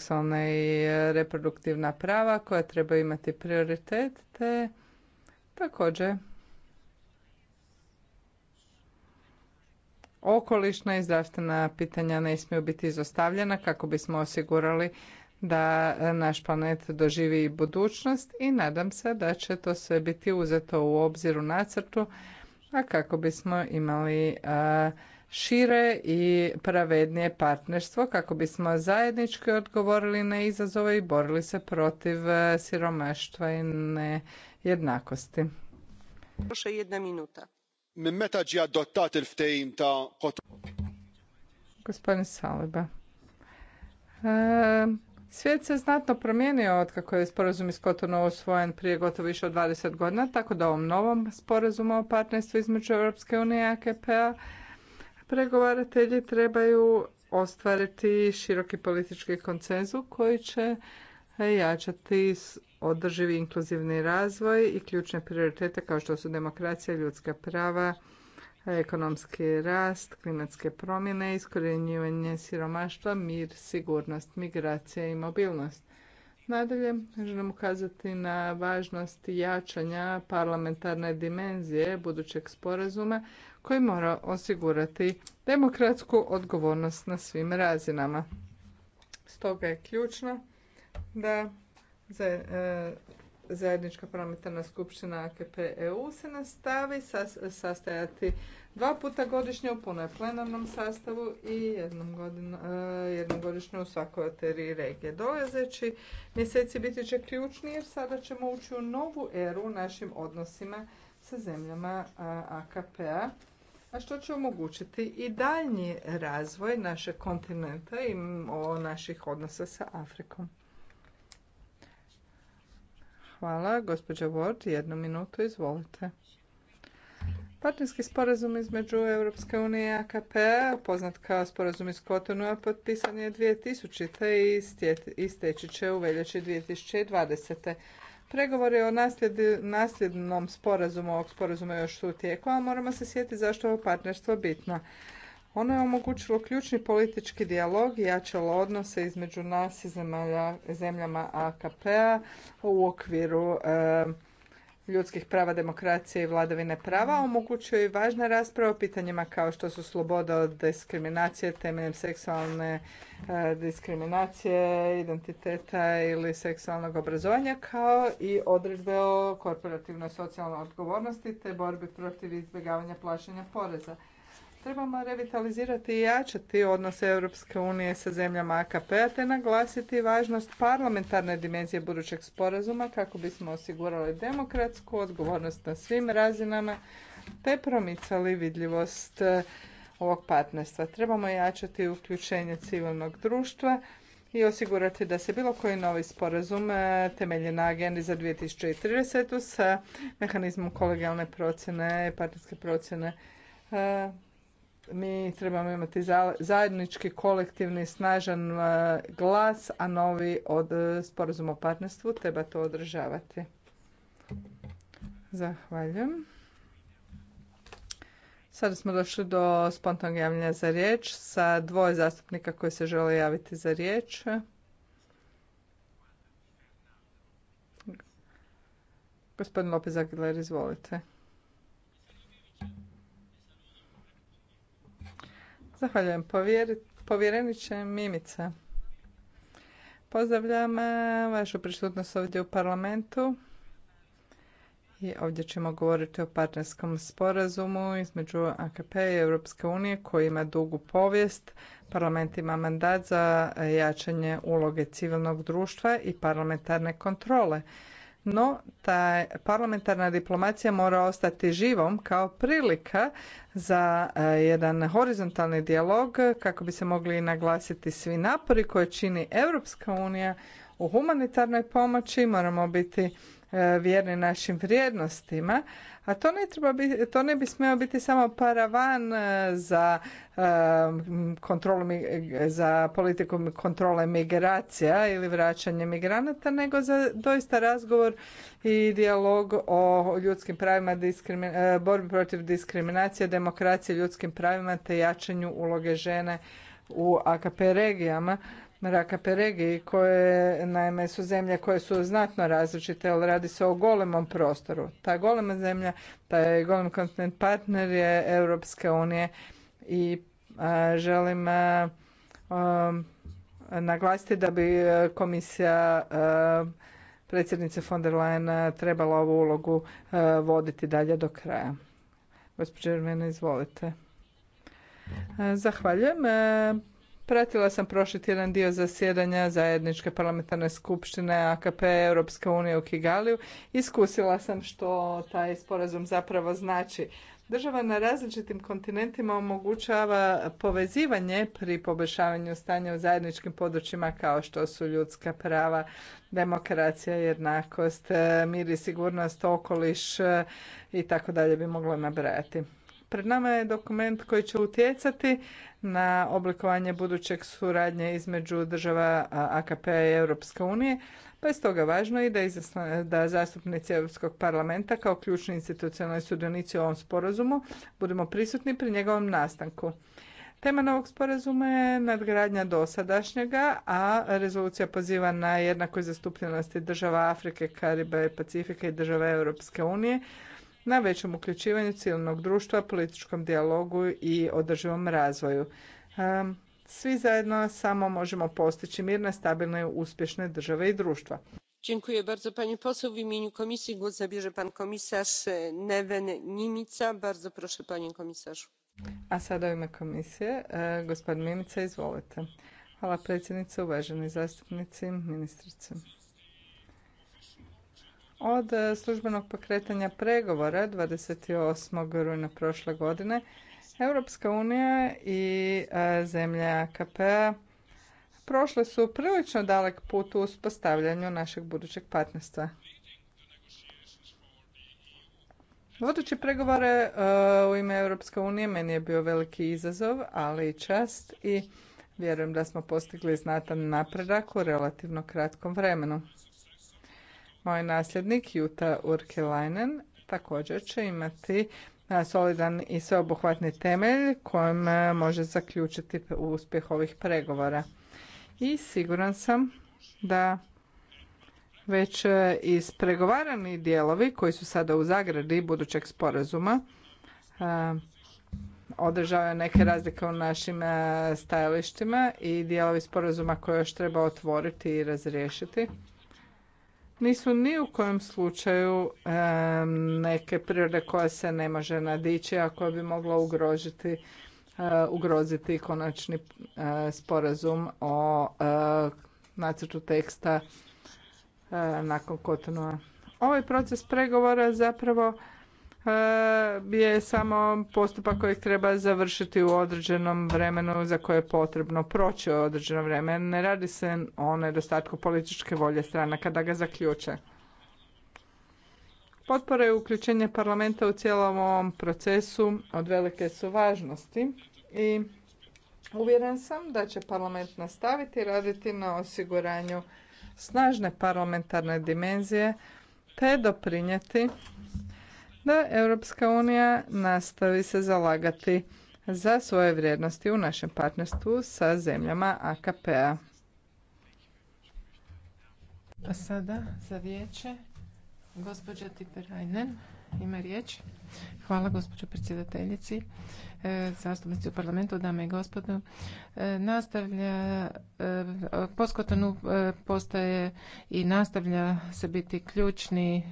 seksualna i e, reproduktivna prava koja treba imati prioritet te također okolišna i zdravstvena pitanja ne smiju biti izostavljena kako bismo osigurali da e, naš planet doživi i budućnost i nadam se da će to sve biti uzeto u obzir u nacrtu a kako bismo imali šire i pravednije partnerstvo kako bismo zajednički odgovorili na izazove i borili se protiv e, siromaštva i nejednakosti. jedna minuta. Gospodin Saliba. E, svijet se znatno promijenio od kako je sporazum iz Kotonu usvojen prije gotovo više od 20 godina, tako da ovom novom sporazumu o partnerstvu između Europske unije i AKP-a pregovaratelji trebaju ostvariti široki politički konsenzus koji će jačati održivi inkluzivni razvoj i ključne prioritete kao što su demokracija, ljudska prava, ekonomski rast, klimatske promjene, iskorjenjivanje siromaštva, mir, sigurnost, migracija i mobilnost. Nadalje, želim ukazati na važnost jačanja parlamentarne dimenzije budućeg sporazuma koji mora osigurati demokratsku odgovornost na svim razinama. Stoga je ključno da e, zajednička parlamentarna skupština AKP EU se nastavi sastajati dva puta godišnje u punoj plenarnom sastavu i jednom, godinu, e, jednogodišnje u svakoj oteriji regije. Dolazeći mjeseci biti će ključni jer sada ćemo ući u novu eru u našim odnosima sa zemljama AKP-a, a što će omogućiti i daljnji razvoj našeg kontinenta i naših odnosa sa Afrikom. Hvala. Gospođa Ward, jednu minutu, izvolite. Partnerski sporazum između Europske unije i AKP, poznat kao sporazum iz je potpisan je 2000. i isteći će u veljači 2020. Pregovori o nasljednom sporazumu ovog sporazuma još su u tijeku, a moramo se sjetiti zašto je ovo partnerstvo bitno. Ono je omogućilo ključni politički dijalog i jačalo odnose između nas i zemljama AKP-a u okviru eh, ljudskih prava, demokracije i vladavine prava omogućuje i važna rasprava o pitanjima kao što su sloboda od diskriminacije temeljem seksualne e, diskriminacije, identiteta ili seksualnog obrazovanja kao i odredbe o korporativnoj socijalnoj odgovornosti te borbi protiv izbjegavanja plaćanja poreza. Trebamo revitalizirati i jačati odnose Europske unije sa zemljama akp te naglasiti važnost parlamentarne dimenzije budućeg sporazuma kako bismo osigurali demokratsku odgovornost na svim razinama te promicali vidljivost e, ovog partnerstva. Trebamo jačati uključenje civilnog društva i osigurati da se bilo koji novi sporazum e, temelji na agendi za 2030. sa mehanizmom kolegijalne procjene, partnerske procjene e, mi trebamo imati zajednički kolektivni snažan e, glas, a novi od e, sporazuma o partnerstvu treba to održavati. Zahvaljujem. Sada smo došli do spontanog javljanja za riječ sa dvoje zastupnika koji se žele javiti za riječ. Gospodin Lopez Aguilar, izvolite. Zahvaljujem. Povjereniče Mimica, pozdravljam e, vašu prisutnost ovdje u parlamentu. I ovdje ćemo govoriti o partnerskom sporazumu između AKP i Europske unije koji ima dugu povijest. Parlament ima mandat za jačanje uloge civilnog društva i parlamentarne kontrole no ta parlamentarna diplomacija mora ostati živom kao prilika za e, jedan horizontalni dijalog kako bi se mogli naglasiti svi napori koje čini Europska unija u humanitarnoj pomoći. Moramo biti E, vjerni našim vrijednostima, a to ne, treba biti, to ne bi smio biti samo paravan e, za e, kontrolu, za politiku kontrole migracija ili vraćanje migranata, nego za doista razgovor i dijalog o ljudskim pravima, borbi protiv diskriminacije, demokracije, ljudskim pravima te jačanju uloge žene u AKP regijama Mraka Peregiji, koje naime su zemlje koje su znatno različite, ali radi se o golemom prostoru. Ta golema zemlja, taj golem kontinent partner je Europske unije i želim naglasiti da bi komisija predsjednice von der Leyen trebala ovu ulogu voditi dalje do kraja. Gospođe izvolite. Zahvaljujem. Pratila sam prošli tjedan dio zasjedanja zajedničke parlamentarne skupštine AKP Europske unije u Kigaliju. Iskusila sam što taj sporazum zapravo znači. Država na različitim kontinentima omogućava povezivanje pri poboljšavanju stanja u zajedničkim područjima kao što su ljudska prava, demokracija, jednakost, eh, mir i sigurnost, okoliš eh, i tako dalje bi moglo nabrajati. Pred nama je dokument koji će utjecati na oblikovanje budućeg suradnje između država AKP i Europske unije, pa je stoga važno i da, da zastupnici Europskog parlamenta kao ključni institucionalni sudionici u ovom sporazumu budemo prisutni pri njegovom nastanku. Tema novog sporazuma je nadgradnja dosadašnjega, a rezolucija poziva na jednakoj zastupljenosti država Afrike, Kariba i Pacifika i država Europske unije na većem uključivanju civilnog društva, političkom dijalogu i održivom razvoju. Svi zajedno samo možemo postići mirne, stabilne, uspješne države i društva. Dziękuję bardzo pani poseł. W imieniu komisji głos zabierze pan komisarz e, Neven Mimica. Bardzo proszę panią komisarz. A sada u ime komisije, e, gospodin Mimica, izvolite. Hvala predsjednice, uvaženi zastupnici, ministrice. Od e, službenog pokretanja pregovora 28. rujna prošle godine, Europska unija i e, zemlja akp prošle su prilično dalek put u uspostavljanju našeg budućeg partnerstva. Vodući pregovore e, u ime Europske unije meni je bio veliki izazov, ali i čast i vjerujem da smo postigli znatan napredak u relativno kratkom vremenu. Moj nasljednik Juta Urkilainen također će imati solidan i sveobuhvatni temelj kojim može zaključiti uspjeh ovih pregovora. I siguran sam da već ispregovarani dijelovi koji su sada u zagradi budućeg sporazuma održavaju neke razlike u našim stajalištima i dijelovi sporazuma koje još treba otvoriti i razriješiti nisu ni u kojem slučaju neke prirode koja se ne može nadići, a koja bi mogla ugrožiti eh, ugroziti konačni eh, sporazum o eh, nacrtu teksta nakon Kotonua. Ovaj proces pregovora zapravo E, je samo postupak kojeg treba završiti u određenom vremenu za koje je potrebno proći određeno vremen. Ne radi se o nedostatku političke volje strana kada ga zaključe. Potpore i uključenje parlamenta u cijelom ovom procesu od velike su važnosti i uvjeren sam da će parlament nastaviti raditi na osiguranju snažne parlamentarne dimenzije te doprinijeti da Europska unija nastavi se zalagati za svoje vrijednosti u našem partnerstvu sa zemljama AKP-a. sada za vijeće ima riječ. Hvala gospođo predsjedateljici, e, zastupnici u parlamentu, dame i gospodo. E, nastavlja, e, poskotanu postaje i nastavlja se biti ključni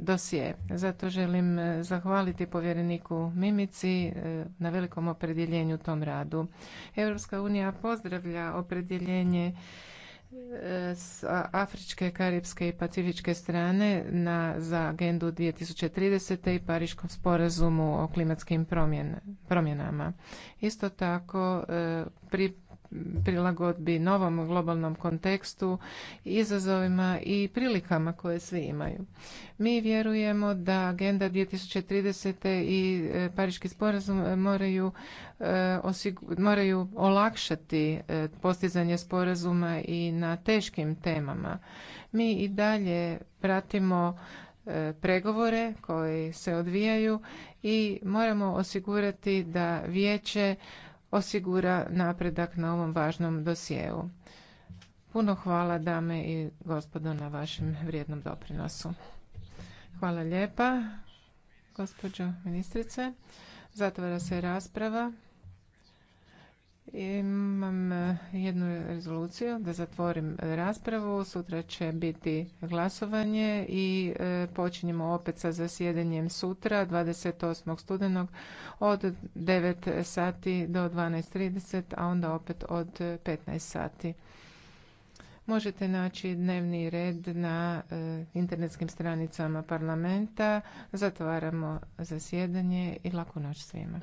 dosije. Zato želim zahvaliti povjereniku Mimici na velikom opredjeljenju tom radu. Europska unija pozdravlja opredjeljenje s afričke, karipske i pacifičke strane na, za agendu 2030. i Pariškom sporazumu o klimatskim promjenama. Isto tako e, pri prilagodbi novom globalnom kontekstu, izazovima i prilikama koje svi imaju. Mi vjerujemo da Agenda 2030. i e, Pariški sporazum e, moraju, e, moraju olakšati postizanje sporazuma i na teškim temama. Mi i dalje pratimo pregovore koji se odvijaju i moramo osigurati da vijeće osigura napredak na ovom važnom dosjeu. Puno hvala dame i gospodo na vašem vrijednom doprinosu. Hvala lijepa, gospođo ministrice. Zatvara se rasprava. Imam e, jednu rezoluciju da zatvorim raspravu. Sutra će biti glasovanje i e, počinjemo opet sa zasjedanjem sutra 28. studenog od 9 sati do 12.30, a onda opet od 15 sati. Možete naći dnevni red na e, internetskim stranicama parlamenta. Zatvaramo zasjedanje i laku noć svima.